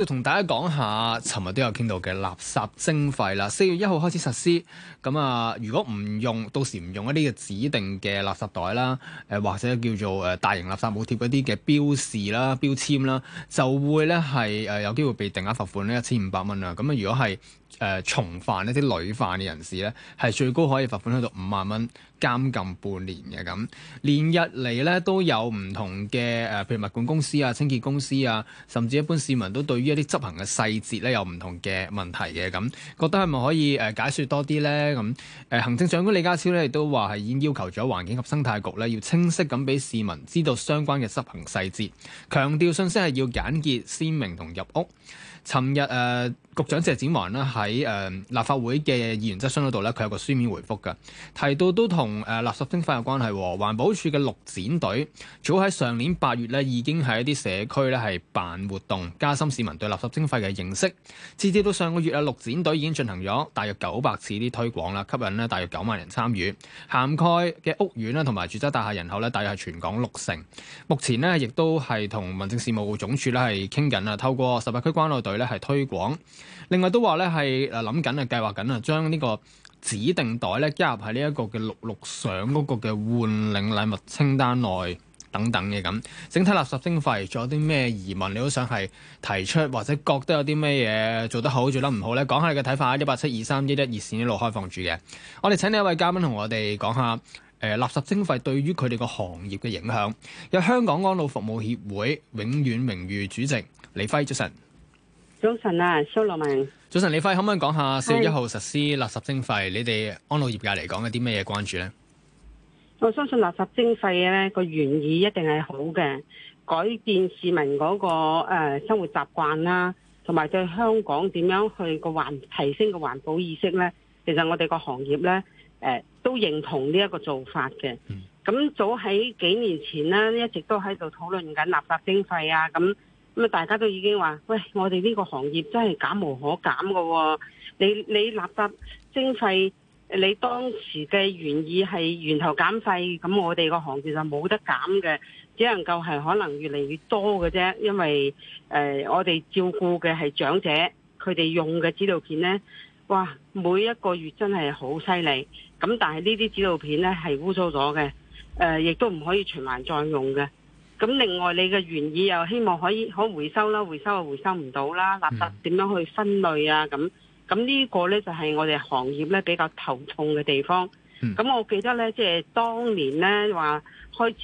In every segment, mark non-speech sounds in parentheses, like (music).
要同大家講下，尋日都有傾到嘅垃圾徵費啦。四月一號開始實施，咁啊，如果唔用，到時唔用一啲嘅指定嘅垃圾袋啦，呃、或者叫做、呃、大型垃圾冇貼嗰啲嘅標示啦、標籤啦，就會咧係、呃、有機會被定額罰款呢一千五百蚊啦。咁啊，如果係。誒重、呃、犯咧，啲累犯嘅人士呢，係最高可以罰款去到五萬蚊，監禁半年嘅咁。連日嚟呢，都有唔同嘅、呃、譬如物管公司啊、清潔公司啊，甚至一般市民都對於一啲執行嘅細節呢，有唔同嘅問題嘅咁，覺得係咪可以、呃、解說多啲呢？咁、呃、行政長官李家超呢，亦都話係已經要求咗環境及生態局呢，要清晰咁俾市民知道相關嘅執行細節，強調信息係要簡潔、鮮明同入屋。尋日誒局長謝展寰啦，喺、呃、誒立法會嘅議員質詢嗰度咧，佢有個書面回覆嘅，提到都同誒、呃、垃圾徵費有關係。環保署嘅綠展隊早喺上年八月咧，已經喺一啲社區咧係辦活動，加深市民對垃圾徵費嘅認識。截至到上個月啊，綠展隊已經進行咗大約九百次啲推廣啦，吸引咧大約九萬人參與，涵蓋嘅屋苑啦同埋住宅大廈人口咧，大約係全港六成。目前咧亦都係同民政事務，務總署咧係傾緊啊，透過十八區關愛佢咧係推廣，另外都話咧係諗緊啊，計劃緊啊，將呢個指定袋咧加入喺呢一個嘅六六上嗰個嘅換領禮物清單內等等嘅咁。整體垃圾徵費仲有啲咩疑問？你都想係提出，或者覺得有啲咩嘢做得好，做得唔好咧？講下你嘅睇法。一八七二三一一熱線一路開放住嘅，我哋請呢一位嘉賓同我哋講下誒、呃、垃圾徵費對於佢哋個行業嘅影響。有香港安老服務協會永遠榮譽主席李輝，早晨。早晨啊，蘇羅明。早晨，李輝，可唔可以講下四月一號實施垃圾徵費，是你哋安老業界嚟講有啲咩嘢關注咧？我相信垃圾徵費咧個原意一定係好嘅，改變市民嗰個誒生活習慣啦，同埋對香港點樣去個環提升個環保意識咧。其實我哋個行業咧誒都認同呢一個做法嘅。咁、嗯、早喺幾年前咧，一直都喺度討論緊垃圾徵費啊，咁。咁啊，大家都已經話，喂，我哋呢個行業真係減無可減噶、哦。你你垃圾徵費，你當時嘅原意係源頭減費，咁我哋個行業就冇得減嘅，只能夠係可能越嚟越多嘅啫。因為誒、呃，我哋照顧嘅係長者，佢哋用嘅指導片呢，哇，每一個月真係好犀利。咁但係呢啲指導片呢，係污糟咗嘅，誒、呃，亦都唔可以循環再用嘅。咁另外你嘅原意又希望可以可以回收啦，回收又回收唔到啦，垃圾點樣去分類啊？咁咁呢個呢，就係我哋行業呢比較頭痛嘅地方。咁我記得呢，即係當年呢話開始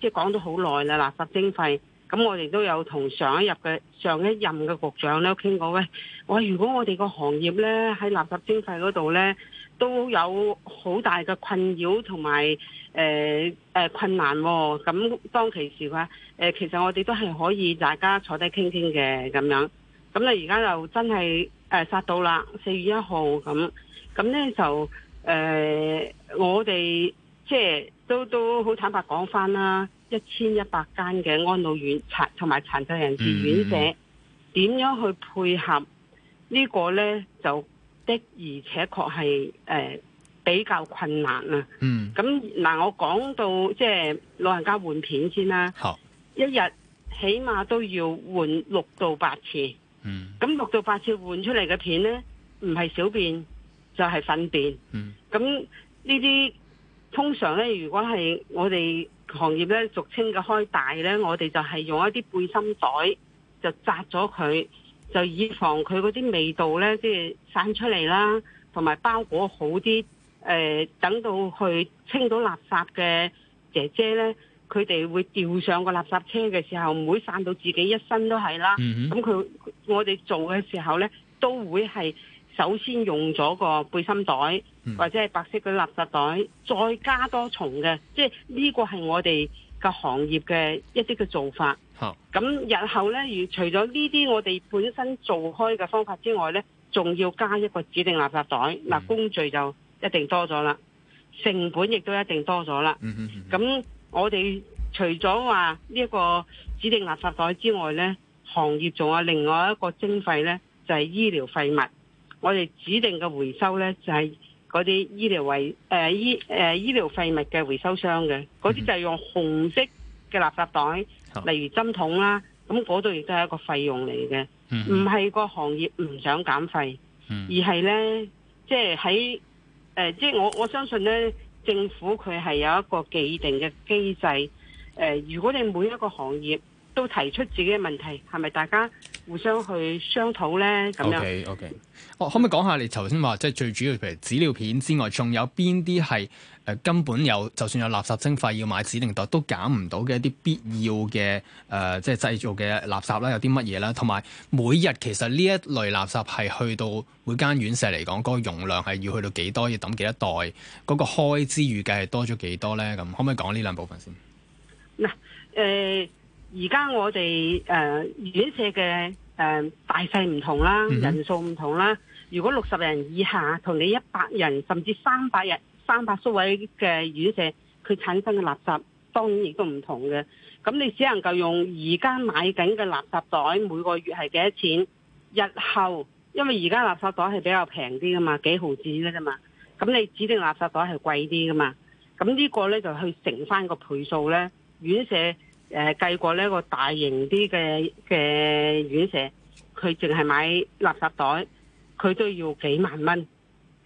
即係講咗好耐啦，垃圾徵費。咁我哋都有同上一任嘅上一任嘅局長咧傾過喂，喂如果我哋個行業咧喺垃圾徵費嗰度咧，都有好大嘅困擾同埋誒困難喎、哦。咁當其時話、呃、其實我哋都係可以大家坐低傾傾嘅咁樣。咁你而家又真係誒殺到啦，四月一號咁，咁咧就誒、呃、我哋即係都都好坦白講翻啦。一千一百間嘅安老院殘同埋殘疾人士院舍，點、嗯、樣去配合呢個呢？就的而且確係誒比較困難啦。嗯。咁嗱，我講到即係、就是、老人家換片先啦。好一日起碼都要換六到八次。嗯。咁六到八次換出嚟嘅片呢，唔係小便就係、是、糞便。嗯。咁呢啲通常呢，如果係我哋。行業咧，俗稱嘅開大咧，我哋就係用一啲背心袋就紮咗佢，就以防佢嗰啲味道咧，即係散出嚟啦，同埋包裹好啲。誒、呃，等到去清到垃圾嘅姐姐咧，佢哋會掉上個垃圾車嘅時候，唔會散到自己一身都係啦。咁佢、mm hmm. 嗯、我哋做嘅時候咧，都會係。首先用咗個背心袋或者係白色嘅垃圾袋，再加多重嘅，即係呢個係我哋嘅行業嘅一啲嘅做法。咁 (noise) 日後呢，如除咗呢啲我哋本身做開嘅方法之外呢，仲要加一個指定垃圾袋，嗱 (noise) 工序就一定多咗啦，成本亦都一定多咗啦。咁 (noise) 我哋除咗話呢一個指定垃圾袋之外呢，行業仲有另外一個徵費呢，就係醫療廢物。我哋指定嘅回收呢，就係嗰啲醫療衛誒、呃、醫誒、呃、醫療廢物嘅回收商嘅，嗰啲就係用紅色嘅垃圾袋，mm hmm. 例如針筒啦，咁嗰度亦都係一個費用嚟嘅，唔係個行業唔想減廢，mm hmm. 而係呢，即係喺誒、即、呃、係、就是、我我相信呢，政府佢係有一個既定嘅機制，誒、呃，如果你每一個行業都提出自己嘅問題，係咪大家互相去商討呢？咁樣 OK o、okay. 哦，可唔可以講下你頭先話，即係最主要，譬如紙尿片之外，仲有邊啲係誒根本有，就算有垃圾徵費要買指定袋都減唔到嘅一啲必要嘅誒、呃，即係製造嘅垃圾啦，有啲乜嘢啦？同埋每日其實呢一類垃圾係去到每間院舍嚟講，嗰、那個容量係要去到幾多？要抌幾多袋？嗰、那個開支預計係多咗幾多呢？咁可唔可以講呢兩部分先？嗱誒、呃。而家我哋誒、呃、院舍嘅誒、呃、大細唔同啦，嗯、哼人數唔同啦。如果六十人以下，同你一百人，甚至三百人、三百宿位嘅院舍，佢產生嘅垃圾當然亦都唔同嘅。咁你只能夠用而家買緊嘅垃圾袋，每個月係幾多錢？日後因為而家垃圾袋係比較平啲噶嘛，幾毫子嘅啫嘛。咁你指定垃圾袋係貴啲噶嘛？咁呢個呢，就去乘翻個倍數呢。院舍。誒、呃、計過呢個大型啲嘅嘅院舍，佢淨係買垃圾袋，佢都要幾萬蚊。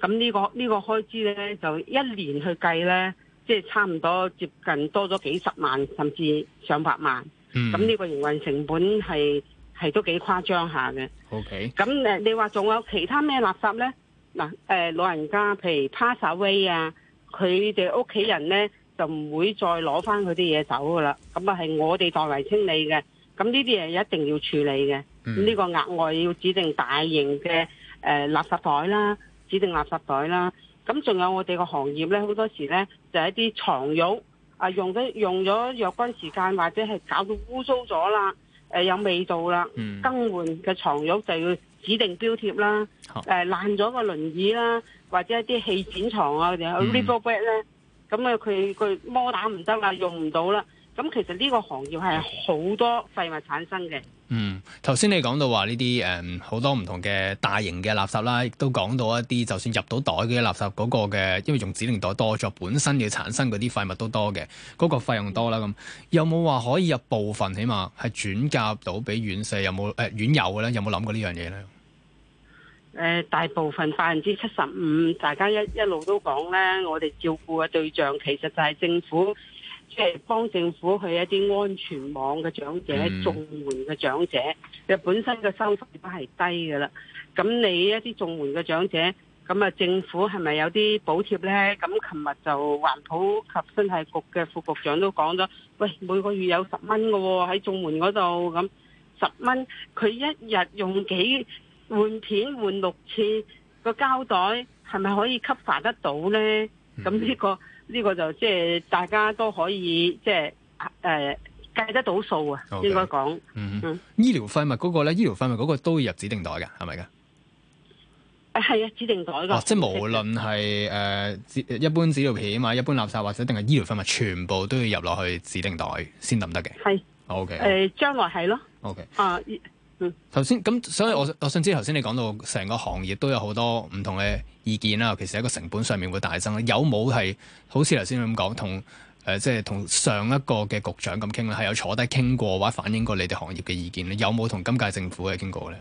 咁呢、呢個呢、呢個開支咧，就一年去計咧，即係差唔多接近多咗幾十萬，甚至上百萬。咁呢、嗯、個營運成本係係都幾誇張下嘅。O K。咁你話仲有其他咩垃圾咧？嗱、呃、老人家譬如 passaway 啊，佢哋屋企人咧，就唔會再攞翻佢啲嘢走噶啦，咁啊係我哋代為清理嘅。咁呢啲嘢一定要處理嘅。咁呢個額外要指定大型嘅誒、呃、垃圾袋啦，指定垃圾袋啦。咁仲有我哋個行業咧，好多時咧就係一啲床褥啊，用咗用咗若干時間或者係搞到污糟咗啦，誒、呃、有味道啦，嗯、更換嘅床褥就要指定標貼啦。誒好、呃、爛咗個輪椅啦，或者一啲氣墊床啊，嗰啲呢？咁啊，佢佢摸打唔得啦，用唔到啦。咁其實呢個行業係好多廢物產生嘅。嗯，頭先你講到話呢啲誒，好多唔同嘅大型嘅垃圾啦，亦都講到一啲就算入到袋嘅垃圾嗰個嘅，因為用指令袋多咗，本身要產生嗰啲廢物都多嘅，嗰、嗰個費用多啦。咁有冇話可以有部分，起碼係轉嫁到俾院舍有冇誒院友嘅咧？有冇諗過呢樣嘢咧？誒大部分百分之七十五，大家一一路都講咧，我哋照顧嘅對象其實就係政府，即係幫政府去一啲安全網嘅長者、綜援嘅長者，佢本身嘅收入都係低嘅啦。咁你一啲綜援嘅長者，咁啊政府係咪有啲補貼咧？咁琴日就環保及生態局嘅副局長都講咗，喂，每個月有十蚊嘅喎，喺綜援嗰度咁十蚊，佢一日用幾？換片換六次個膠袋係咪可以吸附得到咧？咁呢、嗯這個呢、這個就即係大家都可以即係誒計得到數啊，Okay. 應該講嗯。醫療廢物嗰個咧，醫療廢物嗰個都要入指定袋嘅，係咪噶？誒係啊是，指定袋噶、哦。即係無論係誒一一般紙尿片啊，一般垃圾或者定係醫療廢物，全部都要入落去指定袋先抌得嘅。係。O K。誒，將來係咯。O K。啊。頭先咁，所以我我想知頭先你講到成個行業都有好多唔同嘅意見啦，尤其係喺個成本上面會大增咧。有冇係好似頭先咁講，同誒、呃、即係同上一個嘅局長咁傾咧，係有坐低傾過或者反映過你哋行業嘅意見咧？有冇同今屆政府嘅傾過咧？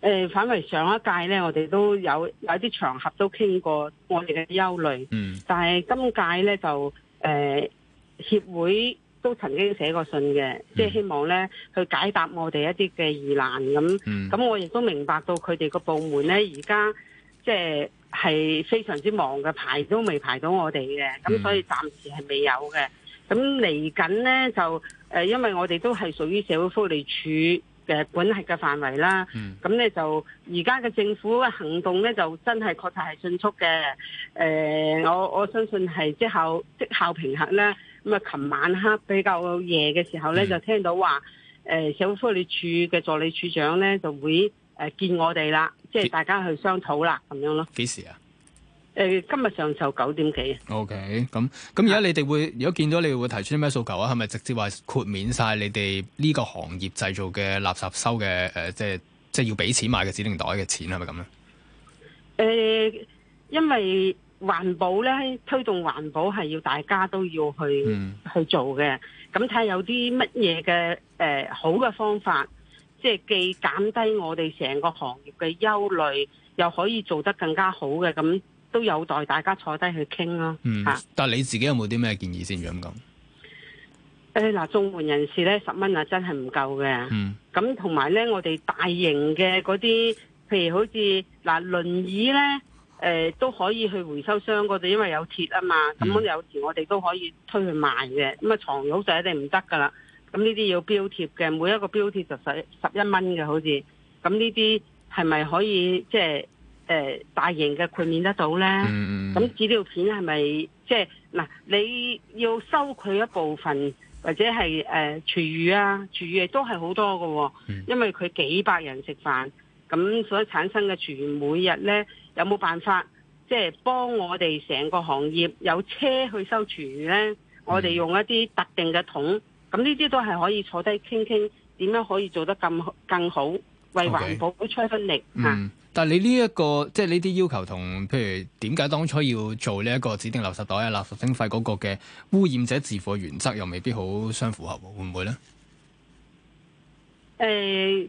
誒、呃，反為上一屆咧，我哋都有有啲場合都傾過我哋嘅憂慮。嗯。但係今屆咧就誒、呃、協會。都曾經寫過信嘅，即係希望咧去解答我哋一啲嘅疑難咁。咁、嗯、我亦都明白到佢哋個部門咧，而家即係係非常之忙嘅，排都未排到我哋嘅。咁、嗯、所以暫時係未有嘅。咁嚟緊咧就、呃、因為我哋都係屬於社會福利署嘅管轄嘅範圍啦。咁咧、嗯、就而家嘅政府嘅行動咧，就真係確實係迅速嘅。誒、呃，我我相信係績效績效評核呢。咁啊，琴晚黑比較夜嘅時候咧，就聽到話，誒社會福利署嘅助理處長咧就會誒見我哋啦，即係大家去商討啦，咁樣咯。幾時啊？誒，今日上晝九點幾？OK，咁咁而家你哋會，如果見到你會提出啲咩訴求啊？係咪直接話豁免晒你哋呢個行業製造嘅垃圾收嘅誒、呃，即係即係要俾錢買嘅指定袋嘅錢係咪咁樣？誒、呃，因為。環保呢，推動環保係要大家都要去、嗯、去做嘅。咁睇下有啲乜嘢嘅誒好嘅方法，即係既減低我哋成個行業嘅憂慮，又可以做得更加好嘅，咁都有待大家坐低去傾咯。嗯啊、但你自己有冇啲咩建議先咁咁？誒嗱、呃，縱緩人士呢，十蚊啊，真係唔夠嘅。咁同埋呢，我哋大型嘅嗰啲，譬如好似嗱、呃、輪椅呢。誒、呃，都可以去回收箱嗰度，因為有鐵啊嘛。咁、嗯嗯、有時我哋都可以推去賣嘅。咁啊，床褥就一定唔得噶啦。咁呢啲要標貼嘅，每一個標貼就十十一蚊嘅，好似。咁呢啲係咪可以即係誒大型嘅豁免得到呢？咁紙尿片係咪即係嗱？你要收佢一部分，或者係誒、呃廚，啊、廚餘啊，廚餘都係好多噶、哦。嗯、因為佢幾百人食飯，咁所產生嘅廚餘每日呢。有冇辦法即係幫我哋成個行業有車去收廚餘咧？我哋用一啲特定嘅桶，咁呢啲都係可以坐低傾傾，點樣可以做得更更好，為環保出一份力啊、okay. 嗯！但係你呢、這、一個即係呢啲要求，同譬如點解當初要做呢一個指定垃圾袋啊、垃圾徵費嗰個嘅污染者自付原則，又未必好相符合，會唔會呢？誒、欸。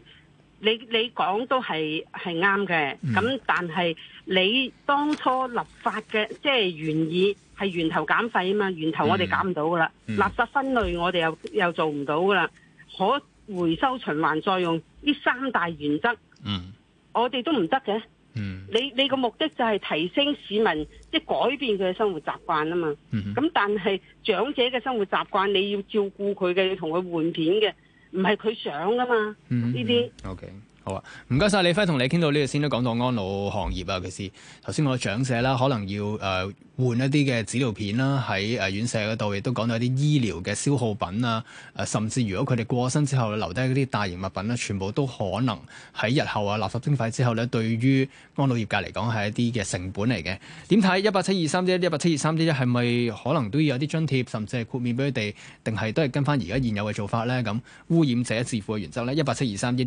你你講都係係啱嘅，咁、嗯、但係你當初立法嘅即係原意係源頭減廢啊嘛，源頭我哋減唔到噶啦，嗯嗯、垃圾分類我哋又又做唔到噶啦，可回收循環再用呢三大原則，嗯、我哋都唔得嘅。你你個目的就係提升市民即係、即係、改變佢嘅生活習慣啊嘛。咁、嗯嗯、但係長者嘅生活習慣，你要照顧佢嘅，同佢換片嘅。唔係佢想噶嘛，呢啲。Okay. 好啊，唔該晒。李輝，同你傾到呢度先都講到安老行業啊，其實頭先我長者啦，可能要誒換一啲嘅紙尿片啦，喺誒院舍嗰度，亦都講到一啲醫療嘅消耗品啊，誒甚至如果佢哋過身之後留低嗰啲大型物品咧，全部都可能喺日後啊垃圾徵費之後呢。對於安老業界嚟講係一啲嘅成本嚟嘅。點睇？一八七二三一一，一八七二三一一，係咪可能都要有啲津貼，甚至係豁免俾佢哋，定係都係跟翻而家現有嘅做法咧？咁污染者自負嘅原則咧，一八七二三一一。